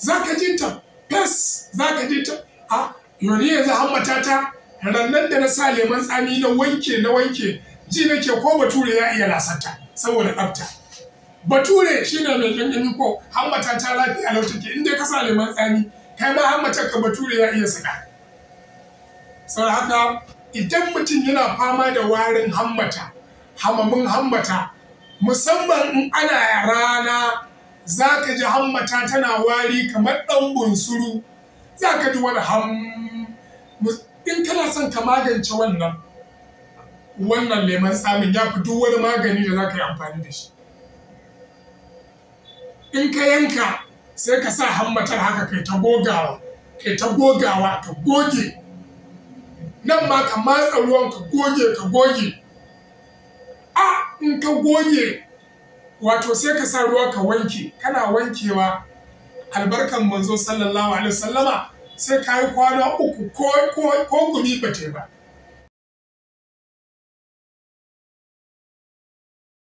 za ka ji ta fes za ka ji ta a yoni yanzu hammata ta rannan da na sa leman tsami na wanke na wanke ji nake ko bature ya iya lasarta saboda tsafta bature shi shine mai gangami ko hammata ta lafiya lau take inda ka sa leman tsami kai ma hammatar ka bature ya iya saka saboda haka idan mutum yana fama da warin hammata hamamin hammata musamman in ana rana za ka ji hammata tana wari kamar ɗan bunsuru za ka ji wani ham in kana son ka magance wannan wannan lemon tsamin ya fi wani magani da za ka yi amfani da shi in ka yanka sai ka sa hammatar haka kai ta gogawa kai ta gogawa ka goge nan ma ka matsa ruwan ka goge ka goge a in ka goge wato sai ka sa ruwa ka wanke kana wankewa albarkan manzo sallallahu alaihi wasallama sai ka yi kwana uku ko gumi ba ba